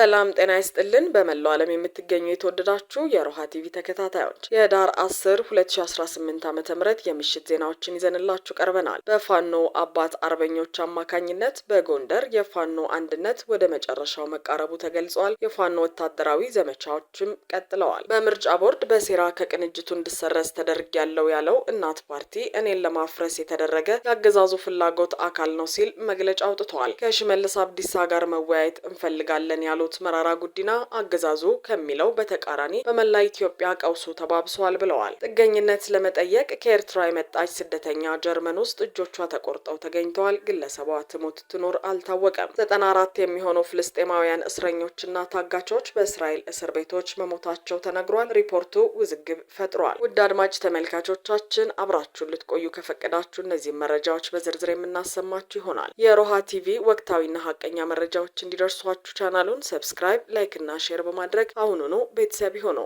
ሰላም ጤና ይስጥልን። በመላው ዓለም የምትገኙ የተወደዳችሁ የሮሃ ቲቪ ተከታታዮች የዳር 10 2018 ዓ ም የምሽት ዜናዎችን ይዘንላችሁ ቀርበናል። በፋኖ አባት አርበኞች አማካኝነት በጎንደር የፋኖ አንድነት ወደ መጨረሻው መቃረቡ ተገልጿል። የፋኖ ወታደራዊ ዘመቻዎችም ቀጥለዋል። በምርጫ ቦርድ በሴራ ከቅንጅቱ እንድሰረዝ ተደርግ ያለው ያለው እናት ፓርቲ እኔን ለማፍረስ የተደረገ የአገዛዙ ፍላጎት አካል ነው ሲል መግለጫ አውጥተዋል። ከሽመልስ አብዲሳ ጋር መወያየት እንፈልጋለን ያሉት የነበሩት መራራ ጉዲና አገዛዙ ከሚለው በተቃራኒ በመላ ኢትዮጵያ ቀውሱ ተባብሷል ብለዋል። ጥገኝነት ለመጠየቅ ከኤርትራ የመጣች ስደተኛ ጀርመን ውስጥ እጆቿ ተቆርጠው ተገኝተዋል። ግለሰቧ ትሞት ትኖር አልታወቀም። ዘጠና አራት የሚሆኑ ፍልስጤማውያን እስረኞችና ታጋቾች በእስራኤል እስር ቤቶች መሞታቸው ተነግሯል። ሪፖርቱ ውዝግብ ፈጥሯል። ውድ አድማጭ ተመልካቾቻችን አብራችሁን ልትቆዩ ከፈቀዳችሁ እነዚህ መረጃዎች በዝርዝር የምናሰማችሁ ይሆናል። የሮሃ ቲቪ ወቅታዊና ሀቀኛ መረጃዎች እንዲደርሷችሁ ቻናሉን ሰብስክራይብ፣ ላይክ እና ሼር በማድረግ አሁኑኑ ቤተሰብ ይሁኑ።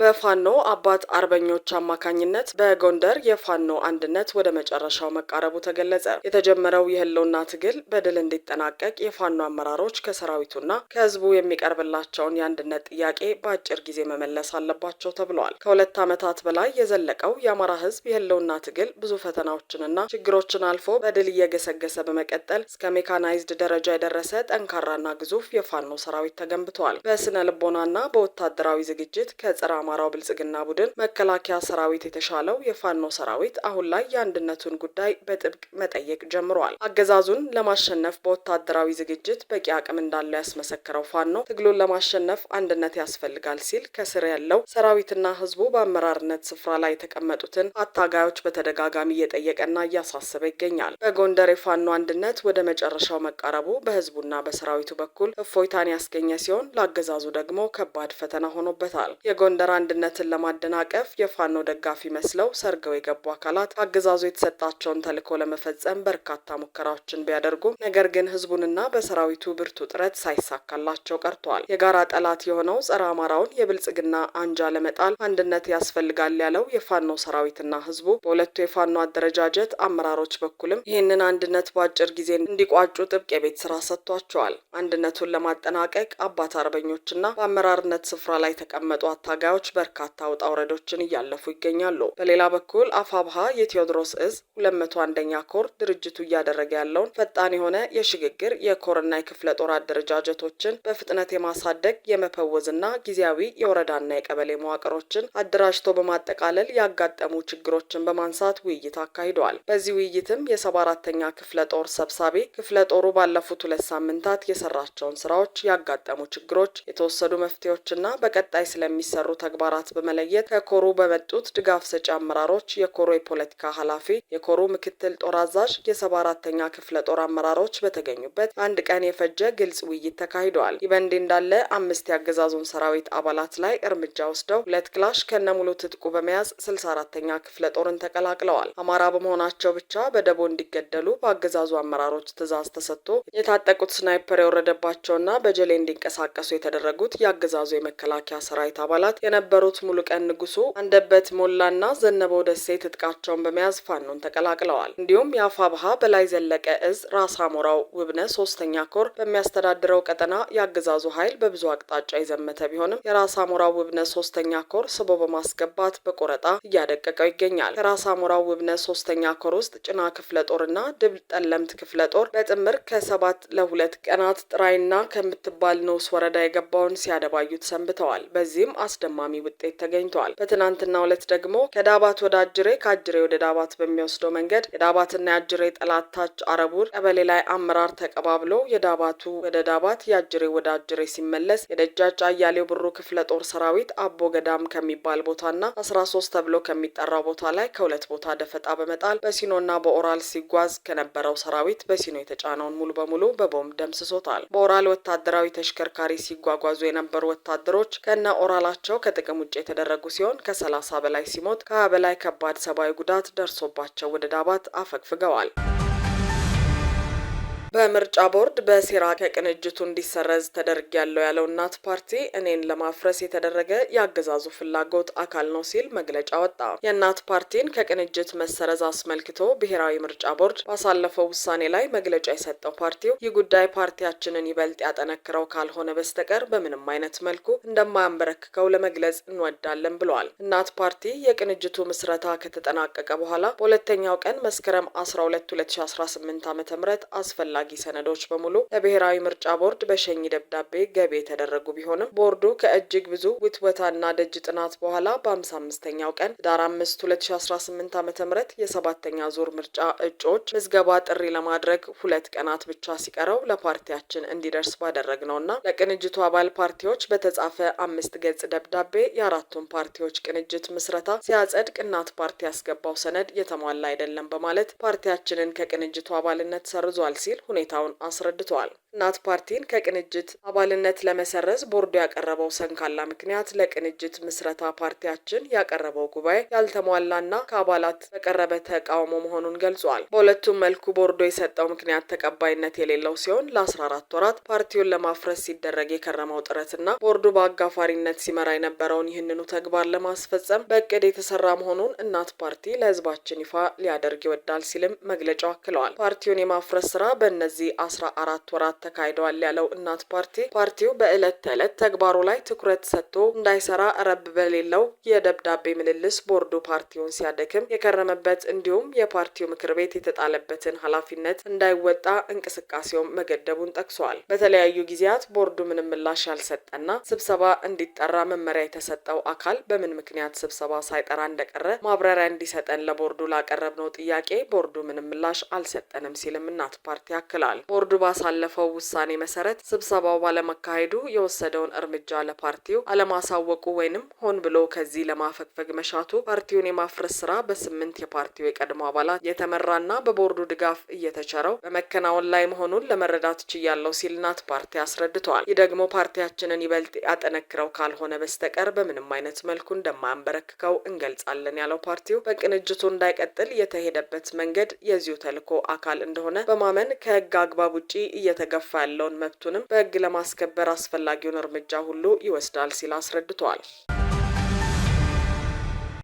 በፋኖ አባት አርበኞች አማካኝነት በጎንደር የፋኖ አንድነት ወደ መጨረሻው መቃረቡ ተገለጸ። የተጀመረው የህልውና ትግል በድል እንዲጠናቀቅ የፋኖ አመራሮች ከሰራዊቱና ከህዝቡ የሚቀርብላቸውን የአንድነት ጥያቄ በአጭር ጊዜ መመለስ አለባቸው ተብለዋል። ከሁለት ዓመታት በላይ የዘለቀው የአማራ ህዝብ የህልውና ትግል ብዙ ፈተናዎችንና ችግሮችን አልፎ በድል እየገሰገሰ በመቀጠል እስከ ሜካናይዝድ ደረጃ የደረሰ ጠንካራና ግዙፍ የፋኖ ሰራዊት ተገንብተዋል። በስነ ልቦናና በወታደራዊ ዝግጅት ከጽራ የአማራው ብልጽግና ቡድን መከላከያ ሰራዊት የተሻለው የፋኖ ሰራዊት አሁን ላይ የአንድነቱን ጉዳይ በጥብቅ መጠየቅ ጀምሯል። አገዛዙን ለማሸነፍ በወታደራዊ ዝግጅት በቂ አቅም እንዳለው ያስመሰከረው ፋኖ ትግሉን ለማሸነፍ አንድነት ያስፈልጋል ሲል ከስር ያለው ሰራዊትና ህዝቡ በአመራርነት ስፍራ ላይ የተቀመጡትን አታጋዮች በተደጋጋሚ እየጠየቀና እያሳሰበ ይገኛል። በጎንደር የፋኖ አንድነት ወደ መጨረሻው መቃረቡ በህዝቡና በሰራዊቱ በኩል እፎይታን ያስገኘ ሲሆን ለአገዛዙ ደግሞ ከባድ ፈተና ሆኖበታል። የጎንደር አንድነትን ለማደናቀፍ የፋኖ ደጋፊ መስለው ሰርገው የገቡ አካላት አገዛዙ የተሰጣቸውን ተልዕኮ ለመፈጸም በርካታ ሙከራዎችን ቢያደርጉም ነገር ግን ህዝቡንና በሰራዊቱ ብርቱ ጥረት ሳይሳካላቸው ቀርቷል። የጋራ ጠላት የሆነው ጸረ አማራውን የብልጽግና አንጃ ለመጣል አንድነት ያስፈልጋል ያለው የፋኖ ሰራዊትና ህዝቡ በሁለቱ የፋኖ አደረጃጀት አመራሮች በኩልም ይህንን አንድነት በአጭር ጊዜ እንዲቋጩ ጥብቅ የቤት ስራ ሰጥቷቸዋል። አንድነቱን ለማጠናቀቅ አባት አርበኞችና በአመራርነት ስፍራ ላይ የተቀመጡ አታጋዮች አመራሮች በርካታ ውጣ ውረዶችን እያለፉ ይገኛሉ። በሌላ በኩል አፋብሃ የቴዎድሮስ እዝ ሁለት መቶ አንደኛ ኮር ድርጅቱ እያደረገ ያለውን ፈጣን የሆነ የሽግግር የኮርና የክፍለ ጦር አደረጃጀቶችን በፍጥነት የማሳደግ የመፈወዝና ጊዜያዊ የወረዳና የቀበሌ መዋቅሮችን አደራጅቶ በማጠቃለል ያጋጠሙ ችግሮችን በማንሳት ውይይት አካሂደዋል። በዚህ ውይይትም የሰባ አራተኛ ክፍለ ጦር ሰብሳቢ ክፍለ ጦሩ ባለፉት ሁለት ሳምንታት የሰራቸውን ስራዎች፣ ያጋጠሙ ችግሮች፣ የተወሰዱ መፍትሄዎችና በቀጣይ ስለሚሰሩ ተግባ ተግባራት በመለየት ከኮሩ በመጡት ድጋፍ ሰጪ አመራሮች፣ የኮሩ የፖለቲካ ኃላፊ፣ የኮሩ ምክትል ጦር አዛዥ፣ የሰባ አራተኛ ክፍለ ጦር አመራሮች በተገኙበት አንድ ቀን የፈጀ ግልጽ ውይይት ተካሂደዋል። ይህ በእንዲህ እንዳለ አምስት የአገዛዙን ሰራዊት አባላት ላይ እርምጃ ወስደው ሁለት ክላሽ ከነሙሉ ትጥቁ በመያዝ ስልሳ አራተኛ ክፍለ ጦርን ተቀላቅለዋል። አማራ በመሆናቸው ብቻ በደቦ እንዲገደሉ በአገዛዙ አመራሮች ትዕዛዝ ተሰጥቶ የታጠቁት ስናይፐር የወረደባቸውና በጀሌ እንዲንቀሳቀሱ የተደረጉት የአገዛዙ የመከላከያ ሰራዊት አባላት የነበ የነበሩት ሙሉቀን ንጉሱ፣ አንደበት ሞላና ዘነበው ደሴ ትጥቃቸውን በመያዝ ፋኖን ተቀላቅለዋል። እንዲሁም የአፋ ባሃ በላይ ዘለቀ እዝ ራስ አሞራው ውብነ ሶስተኛ ኮር በሚያስተዳድረው ቀጠና የአገዛዙ ኃይል በብዙ አቅጣጫ የዘመተ ቢሆንም የራስ አሞራው ውብነ ሶስተኛ ኮር ስቦ በማስገባት በቆረጣ እያደቀቀው ይገኛል። ከራስ አሞራው ውብነ ሶስተኛ ኮር ውስጥ ጭና ክፍለ ጦርና ድብል ጠለምት ክፍለ ጦር በጥምር ከሰባት ለሁለት ቀናት ጥራይና ከምትባል ንዑስ ወረዳ የገባውን ሲያደባዩት ሰንብተዋል። በዚህም አስደማሚ ውጤት ተገኝተዋል። በትናንትና ዕለት ደግሞ ከዳባት ወደ አጅሬ ከአጅሬ ወደ ዳባት በሚወስደው መንገድ የዳባትና የአጅሬ ጠላታች አረቡር ቀበሌ ላይ አመራር ተቀባብሎ የዳባቱ ወደ ዳባት የአጅሬ ወደ አጅሬ ሲመለስ የደጃች አያሌው ብሩ ክፍለ ጦር ሰራዊት አቦ ገዳም ከሚባል ቦታና አስራ ሶስት ተብሎ ከሚጠራው ቦታ ላይ ከሁለት ቦታ ደፈጣ በመጣል በሲኖና በኦራል ሲጓዝ ከነበረው ሰራዊት በሲኖ የተጫነውን ሙሉ በሙሉ በቦምብ ደምስሶታል። በኦራል ወታደራዊ ተሽከርካሪ ሲጓጓዙ የነበሩ ወታደሮች ከነ ኦራላቸው ከ ከጥቅም ውጭ የተደረጉ ሲሆን ከ30 በላይ ሲሞት ከ20 በላይ ከባድ ሰብአዊ ጉዳት ደርሶባቸው ወደ ዳባት አፈግፍገዋል። በምርጫ ቦርድ በሴራ ከቅንጅቱ እንዲሰረዝ ተደርግ ያለው ያለው እናት ፓርቲ እኔን ለማፍረስ የተደረገ የአገዛዙ ፍላጎት አካል ነው ሲል መግለጫ ወጣ። የእናት ፓርቲን ከቅንጅት መሰረዝ አስመልክቶ ብሔራዊ ምርጫ ቦርድ ባሳለፈው ውሳኔ ላይ መግለጫ የሰጠው ፓርቲው ይህ ጉዳይ ፓርቲያችንን ይበልጥ ያጠነክረው ካልሆነ በስተቀር በምንም አይነት መልኩ እንደማያንበረክከው ለመግለጽ እንወዳለን ብለዋል። እናት ፓርቲ የቅንጅቱ ምስረታ ከተጠናቀቀ በኋላ በሁለተኛው ቀን መስከረም 12 2018 ዓ ም አስፈላጊ አስፈላጊ ሰነዶች በሙሉ ለብሔራዊ ምርጫ ቦርድ በሸኝ ደብዳቤ ገቢ የተደረጉ ቢሆንም ቦርዱ ከእጅግ ብዙ ውትወታና ደጅ ጥናት በኋላ በአምሳ አምስተኛው ቀን ዳር አምስት 2018 ዓ ም የሰባተኛ ዙር ምርጫ እጩዎች ምዝገባ ጥሪ ለማድረግ ሁለት ቀናት ብቻ ሲቀረው ለፓርቲያችን እንዲደርስ ባደረግ ነውና ለቅንጅቱ አባል ፓርቲዎች በተጻፈ አምስት ገጽ ደብዳቤ የአራቱን ፓርቲዎች ቅንጅት ምስረታ ሲያጸድቅ እናት ፓርቲ ያስገባው ሰነድ የተሟላ አይደለም በማለት ፓርቲያችንን ከቅንጅቱ አባልነት ሰርዟል ሲል ሁኔታውን አስረድተዋል። እናት ፓርቲን ከቅንጅት አባልነት ለመሰረዝ ቦርዱ ያቀረበው ሰንካላ ምክንያት ለቅንጅት ምስረታ ፓርቲያችን ያቀረበው ጉባኤ ያልተሟላና ከአባላት በቀረበ ተቃውሞ መሆኑን ገልጿል። በሁለቱም መልኩ ቦርዱ የሰጠው ምክንያት ተቀባይነት የሌለው ሲሆን ለ14 ወራት ፓርቲውን ለማፍረስ ሲደረግ የከረመው ጥረትና ቦርዱ በአጋፋሪነት ሲመራ የነበረውን ይህንኑ ተግባር ለማስፈጸም በእቅድ የተሰራ መሆኑን እናት ፓርቲ ለህዝባችን ይፋ ሊያደርግ ይወዳል ሲልም መግለጫው አክለዋል። ፓርቲውን የማፍረስ ስራ በ በእነዚህ አስራ አራት ወራት ተካሂደዋል ያለው እናት ፓርቲ ፓርቲው በዕለት ተዕለት ተግባሩ ላይ ትኩረት ሰጥቶ እንዳይሰራ ረብ በሌለው የደብዳቤ ምልልስ ቦርዱ ፓርቲውን ሲያደክም የከረመበት እንዲሁም የፓርቲው ምክር ቤት የተጣለበትን ኃላፊነት እንዳይወጣ እንቅስቃሴውን መገደቡን ጠቅሷል። በተለያዩ ጊዜያት ቦርዱ ምንም ምላሽ ያልሰጠና ስብሰባ እንዲጠራ መመሪያ የተሰጠው አካል በምን ምክንያት ስብሰባ ሳይጠራ እንደቀረ ማብራሪያ እንዲሰጠን ለቦርዱ ላቀረብነው ጥያቄ ቦርዱ ምንም ምላሽ አልሰጠንም ሲልም እናት ፓርቲ ያክላል። ቦርዱ ባሳለፈው ውሳኔ መሰረት ስብሰባው ባለመካሄዱ የወሰደውን እርምጃ ለፓርቲው አለማሳወቁ ወይንም ሆን ብሎ ከዚህ ለማፈግፈግ መሻቱ ፓርቲውን የማፍረስ ስራ በስምንት የፓርቲው የቀድሞ አባላት የተመራና በቦርዱ ድጋፍ እየተቸረው በመከናወን ላይ መሆኑን ለመረዳት ችያለው ሲል እናት ፓርቲ አስረድተዋል። ይህ ደግሞ ፓርቲያችንን ይበልጥ ያጠነክረው ካልሆነ በስተቀር በምንም አይነት መልኩ እንደማያንበረክከው እንገልጻለን ያለው ፓርቲው በቅንጅቱ እንዳይቀጥል የተሄደበት መንገድ የዚሁ ተልዕኮ አካል እንደሆነ በማመን ከ ከህግ አግባብ ውጪ እየተገፋ ያለውን መብቱንም በህግ ለማስከበር አስፈላጊውን እርምጃ ሁሉ ይወስዳል ሲል አስረድቷል።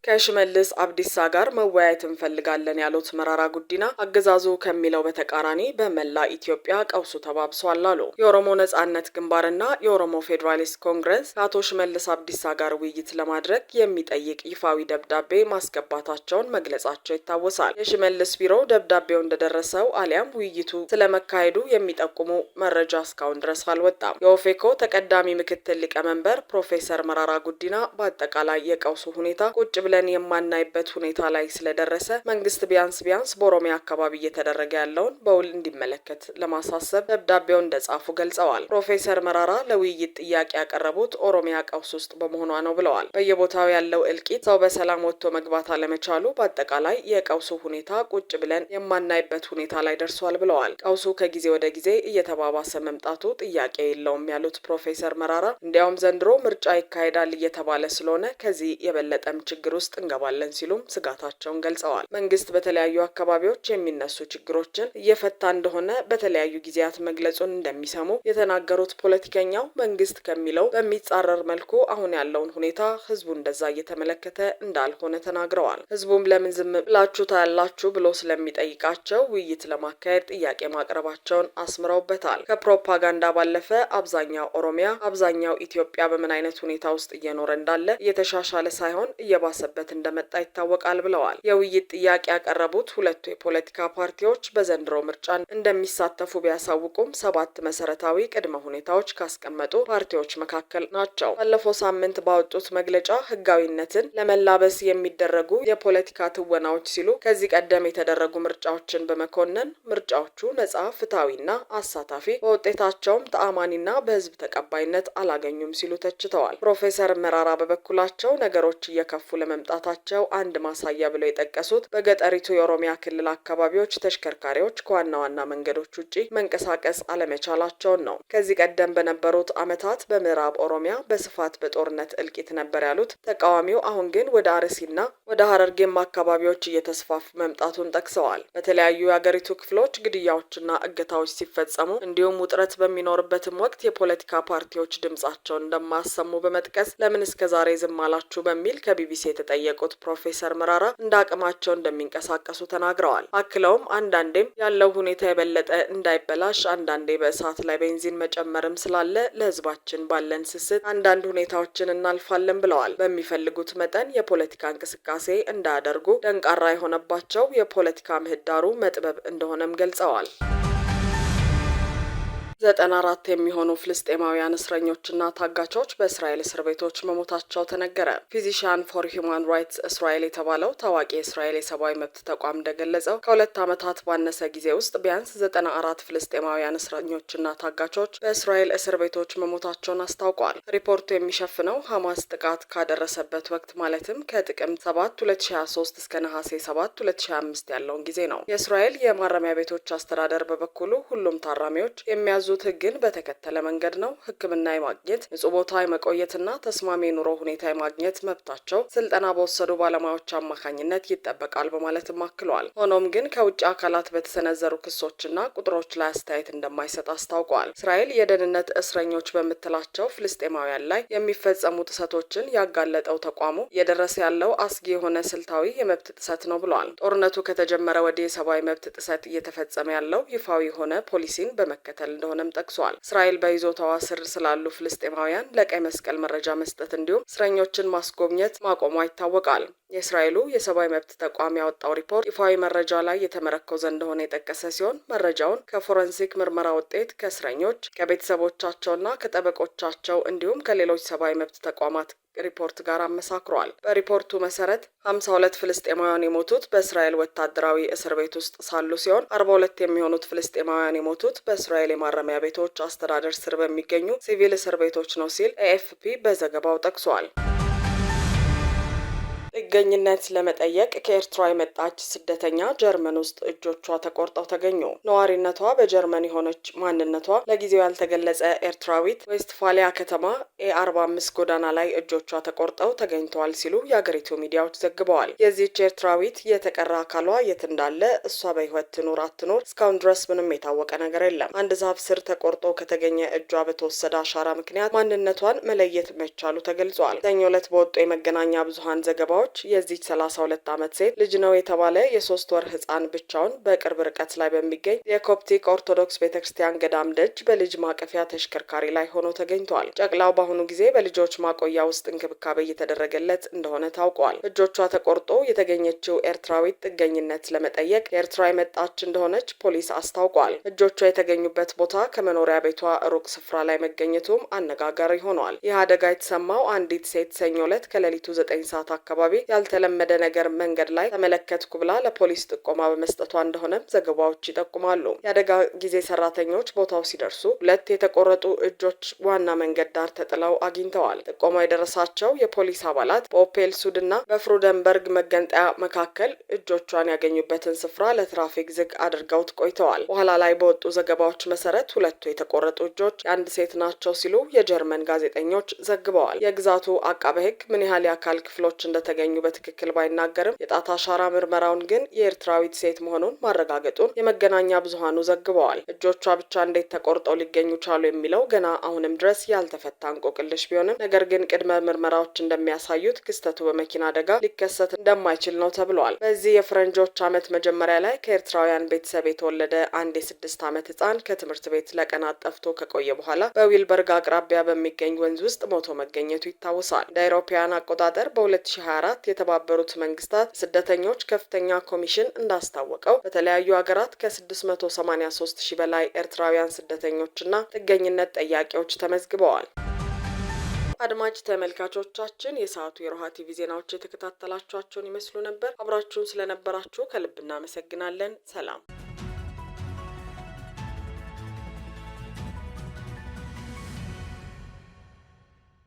ከሽመልስ አብዲሳ ጋር መወያየት እንፈልጋለን ያሉት መራራ ጉዲና አገዛዙ ከሚለው በተቃራኒ በመላ ኢትዮጵያ ቀውሱ ተባብሷል አሉ። የኦሮሞ ነጻነት ግንባርና የኦሮሞ ፌዴራሊስት ኮንግረስ ከአቶ ሽመልስ አብዲሳ ጋር ውይይት ለማድረግ የሚጠይቅ ይፋዊ ደብዳቤ ማስገባታቸውን መግለጻቸው ይታወሳል። የሽመልስ ቢሮ ደብዳቤው እንደደረሰው አሊያም ውይይቱ ስለመካሄዱ የሚጠቁሙ መረጃ እስካሁን ድረስ አልወጣም። የኦፌኮ ተቀዳሚ ምክትል ሊቀመንበር ፕሮፌሰር መራራ ጉዲና በአጠቃላይ የቀውሱ ሁኔታ ቁጭ ብለን የማናይበት ሁኔታ ላይ ስለደረሰ መንግስት ቢያንስ ቢያንስ በኦሮሚያ አካባቢ እየተደረገ ያለውን በውል እንዲመለከት ለማሳሰብ ደብዳቤው እንደጻፉ ገልጸዋል። ፕሮፌሰር መራራ ለውይይት ጥያቄ ያቀረቡት ኦሮሚያ ቀውስ ውስጥ በመሆኗ ነው ብለዋል። በየቦታው ያለው እልቂት፣ ሰው በሰላም ወጥቶ መግባት አለመቻሉ፣ በአጠቃላይ የቀውሱ ሁኔታ ቁጭ ብለን የማናይበት ሁኔታ ላይ ደርሷል ብለዋል። ቀውሱ ከጊዜ ወደ ጊዜ እየተባባሰ መምጣቱ ጥያቄ የለውም ያሉት ፕሮፌሰር መራራ እንዲያውም ዘንድሮ ምርጫ ይካሄዳል እየተባለ ስለሆነ ከዚህ የበለጠም ችግር ውስጥ እንገባለን ሲሉም ስጋታቸውን ገልጸዋል። መንግስት በተለያዩ አካባቢዎች የሚነሱ ችግሮችን እየፈታ እንደሆነ በተለያዩ ጊዜያት መግለጹን እንደሚሰሙ የተናገሩት ፖለቲከኛው መንግስት ከሚለው በሚጻረር መልኩ አሁን ያለውን ሁኔታ ህዝቡ እንደዛ እየተመለከተ እንዳልሆነ ተናግረዋል። ህዝቡም ለምን ዝም ብላችሁ ታያላችሁ ብሎ ስለሚጠይቃቸው ውይይት ለማካሄድ ጥያቄ ማቅረባቸውን አስምረውበታል። ከፕሮፓጋንዳ ባለፈ አብዛኛው ኦሮሚያ፣ አብዛኛው ኢትዮጵያ በምን አይነት ሁኔታ ውስጥ እየኖረ እንዳለ እየተሻሻለ ሳይሆን እየባሰ እየደረሰበት እንደመጣ ይታወቃል ብለዋል። የውይይት ጥያቄ ያቀረቡት ሁለቱ የፖለቲካ ፓርቲዎች በዘንድሮ ምርጫ እንደሚሳተፉ ቢያሳውቁም ሰባት መሰረታዊ ቅድመ ሁኔታዎች ካስቀመጡ ፓርቲዎች መካከል ናቸው። ባለፈው ሳምንት ባወጡት መግለጫ ህጋዊነትን ለመላበስ የሚደረጉ የፖለቲካ ትወናዎች ሲሉ ከዚህ ቀደም የተደረጉ ምርጫዎችን በመኮነን ምርጫዎቹ ነጻ፣ ፍትሐዊና አሳታፊ በውጤታቸውም ተአማኒና በህዝብ ተቀባይነት አላገኙም ሲሉ ተችተዋል። ፕሮፌሰር መራራ በበኩላቸው ነገሮች እየከፉ ለመ መምጣታቸው አንድ ማሳያ ብለው የጠቀሱት በገጠሪቱ የኦሮሚያ ክልል አካባቢዎች ተሽከርካሪዎች ከዋና ዋና መንገዶች ውጭ መንቀሳቀስ አለመቻላቸውን ነው። ከዚህ ቀደም በነበሩት ዓመታት በምዕራብ ኦሮሚያ በስፋት በጦርነት እልቂት ነበር ያሉት ተቃዋሚው፣ አሁን ግን ወደ አርሲና ወደ ሀረርጌም አካባቢዎች እየተስፋፉ መምጣቱን ጠቅሰዋል። በተለያዩ የአገሪቱ ክፍሎች ግድያዎችና እገታዎች ሲፈጸሙ እንዲሁም ውጥረት በሚኖርበትም ወቅት የፖለቲካ ፓርቲዎች ድምጻቸውን እንደማያሰሙ በመጥቀስ ለምን እስከ ዛሬ ዝም አላችሁ በሚል ከቢቢሲ የተጠ የተጠየቁት ፕሮፌሰር መራራ እንደ አቅማቸው እንደሚንቀሳቀሱ ተናግረዋል። አክለውም አንዳንዴም ያለው ሁኔታ የበለጠ እንዳይበላሽ አንዳንዴ በእሳት ላይ ቤንዚን መጨመርም ስላለ ለህዝባችን ባለን ስስት አንዳንድ ሁኔታዎችን እናልፋለን ብለዋል። በሚፈልጉት መጠን የፖለቲካ እንቅስቃሴ እንዳያደርጉ ደንቃራ የሆነባቸው የፖለቲካ ምህዳሩ መጥበብ እንደሆነም ገልጸዋል። ዘጠና አራት የሚሆኑ ፍልስጤማውያን እስረኞችና ታጋቾች በእስራኤል እስር ቤቶች መሞታቸው ተነገረ። ፊዚሽያን ፎር ሂውማን ራይትስ እስራኤል የተባለው ታዋቂ የእስራኤል የሰብአዊ መብት ተቋም እንደገለጸው ከሁለት ዓመታት ባነሰ ጊዜ ውስጥ ቢያንስ ዘጠና አራት ፍልስጤማውያን እስረኞችና ታጋቾች በእስራኤል እስር ቤቶች መሞታቸውን አስታውቋል። ሪፖርቱ የሚሸፍነው ሐማስ ጥቃት ካደረሰበት ወቅት ማለትም ከጥቅምት 7 2023 እስከ ነሐሴ 7 2025 ያለውን ጊዜ ነው። የእስራኤል የማረሚያ ቤቶች አስተዳደር በበኩሉ ሁሉም ታራሚዎች የሚያዙ የሚይዙት ህግን በተከተለ መንገድ ነው። ሕክምና የማግኘት ንጹህ ቦታ የመቆየትና ተስማሚ የኑሮ ሁኔታ የማግኘት መብታቸው ስልጠና በወሰዱ ባለሙያዎች አማካኝነት ይጠበቃል በማለትም አክለዋል። ሆኖም ግን ከውጭ አካላት በተሰነዘሩ ክሶችና ቁጥሮች ላይ አስተያየት እንደማይሰጥ አስታውቀዋል። እስራኤል የደህንነት እስረኞች በምትላቸው ፍልስጤማውያን ላይ የሚፈጸሙ ጥሰቶችን ያጋለጠው ተቋሙ እየደረሰ ያለው አስጊ የሆነ ስልታዊ የመብት ጥሰት ነው ብለዋል። ጦርነቱ ከተጀመረ ወዲህ የሰብአዊ መብት ጥሰት እየተፈጸመ ያለው ይፋዊ የሆነ ፖሊሲን በመከተል እንደሆነ እንዳለም ጠቅሷል። እስራኤል በይዞታዋ ስር ስላሉ ፍልስጤማውያን ለቀይ መስቀል መረጃ መስጠት እንዲሁም እስረኞችን ማስጎብኘት ማቆሟ ይታወቃል። የእስራኤሉ የሰብአዊ መብት ተቋም ያወጣው ሪፖርት ይፋዊ መረጃ ላይ የተመረኮዘ እንደሆነ የጠቀሰ ሲሆን መረጃውን ከፎረንሲክ ምርመራ ውጤት ከእስረኞች ከቤተሰቦቻቸውና ከጠበቆቻቸው እንዲሁም ከሌሎች ሰብአዊ መብት ተቋማት ሪፖርት ጋር አመሳክሯል። በሪፖርቱ መሰረት 52 ፍልስጤማውያን የሞቱት በእስራኤል ወታደራዊ እስር ቤት ውስጥ ሳሉ ሲሆን 42 የሚሆኑት ፍልስጤማውያን የሞቱት በእስራኤል የማረሚያ ቤቶች አስተዳደር ስር በሚገኙ ሲቪል እስር ቤቶች ነው ሲል ኤኤፍፒ በዘገባው ጠቅሷል። ጥገኝነት ለመጠየቅ ከኤርትራ የመጣች ስደተኛ ጀርመን ውስጥ እጆቿ ተቆርጠው ተገኙ። ነዋሪነቷ በጀርመን የሆነች ማንነቷ ለጊዜው ያልተገለጸ ኤርትራዊት ዌስትፋሊያ ከተማ ኤ45 ጎዳና ላይ እጆቿ ተቆርጠው ተገኝተዋል ሲሉ የአገሪቱ ሚዲያዎች ዘግበዋል። የዚች ኤርትራዊት የተቀራ አካሏ የት እንዳለ እሷ በህይወት ትኑር አትኖር እስካሁን ድረስ ምንም የታወቀ ነገር የለም። አንድ ዛፍ ስር ተቆርጦ ከተገኘ እጇ በተወሰደ አሻራ ምክንያት ማንነቷን መለየት መቻሉ ተገልጿል። ሰኞ ዕለት በወጡ የመገናኛ ብዙሀን ዘገባው ባለሙያዎች የዚች 32 ዓመት ሴት ልጅ ነው የተባለ የሶስት ወር ህፃን ብቻውን በቅርብ ርቀት ላይ በሚገኝ የኮፕቲክ ኦርቶዶክስ ቤተክርስቲያን ገዳም ደጅ በልጅ ማቀፊያ ተሽከርካሪ ላይ ሆኖ ተገኝቷል። ጨቅላው በአሁኑ ጊዜ በልጆች ማቆያ ውስጥ እንክብካቤ እየተደረገለት እንደሆነ ታውቋል። እጆቿ ተቆርጦ የተገኘችው ኤርትራዊት ጥገኝነት ለመጠየቅ ከኤርትራ የመጣች እንደሆነች ፖሊስ አስታውቋል። እጆቿ የተገኙበት ቦታ ከመኖሪያ ቤቷ ሩቅ ስፍራ ላይ መገኘቱም አነጋጋሪ ሆኗል። ይህ አደጋ የተሰማው አንዲት ሴት ሰኞ ዕለት ከሌሊቱ ዘጠኝ ሰዓት አካባቢ አካባቢ ያልተለመደ ነገር መንገድ ላይ ተመለከትኩ ብላ ለፖሊስ ጥቆማ በመስጠቷ እንደሆነም ዘገባዎች ይጠቁማሉ። የአደጋ ጊዜ ሰራተኞች ቦታው ሲደርሱ ሁለት የተቆረጡ እጆች ዋና መንገድ ዳር ተጥለው አግኝተዋል። ጥቆማ የደረሳቸው የፖሊስ አባላት በኦፔል ሱድ እና በፍሩደንበርግ መገንጠያ መካከል እጆቿን ያገኙበትን ስፍራ ለትራፊክ ዝግ አድርገውት ቆይተዋል። በኋላ ላይ በወጡ ዘገባዎች መሰረት ሁለቱ የተቆረጡ እጆች የአንድ ሴት ናቸው ሲሉ የጀርመን ጋዜጠኞች ዘግበዋል። የግዛቱ አቃቤ ሕግ ምን ያህል የአካል ክፍሎች እንደተገ እንደተገኙ በትክክል ባይናገርም የጣት አሻራ ምርመራውን ግን የኤርትራዊት ሴት መሆኑን ማረጋገጡን የመገናኛ ብዙሃኑ ዘግበዋል። እጆቿ ብቻ እንዴት ተቆርጠው ሊገኙ ቻሉ የሚለው ገና አሁንም ድረስ ያልተፈታ እንቆቅልሽ ቢሆንም ነገር ግን ቅድመ ምርመራዎች እንደሚያሳዩት ክስተቱ በመኪና አደጋ ሊከሰት እንደማይችል ነው ተብሏል። በዚህ የፈረንጆች ዓመት መጀመሪያ ላይ ከኤርትራውያን ቤተሰብ የተወለደ አንድ የስድስት ዓመት ህፃን ከትምህርት ቤት ለቀናት ጠፍቶ ከቆየ በኋላ በዊልበርግ አቅራቢያ በሚገኝ ወንዝ ውስጥ ሞቶ መገኘቱ ይታወሳል። እንደ አውሮፓውያን አቆጣጠር በ2024 2024 የተባበሩት መንግስታት ስደተኞች ከፍተኛ ኮሚሽን እንዳስታወቀው በተለያዩ ሀገራት ከ683 ሺህ በላይ ኤርትራውያን ስደተኞችና ጥገኝነት ጠያቂዎች ተመዝግበዋል። አድማጭ ተመልካቾቻችን የሰዓቱ የሮሃ ቲቪ ዜናዎች የተከታተላችኋቸውን ይመስሉ ነበር። አብራችሁን ስለነበራችሁ ከልብ እናመሰግናለን። ሰላም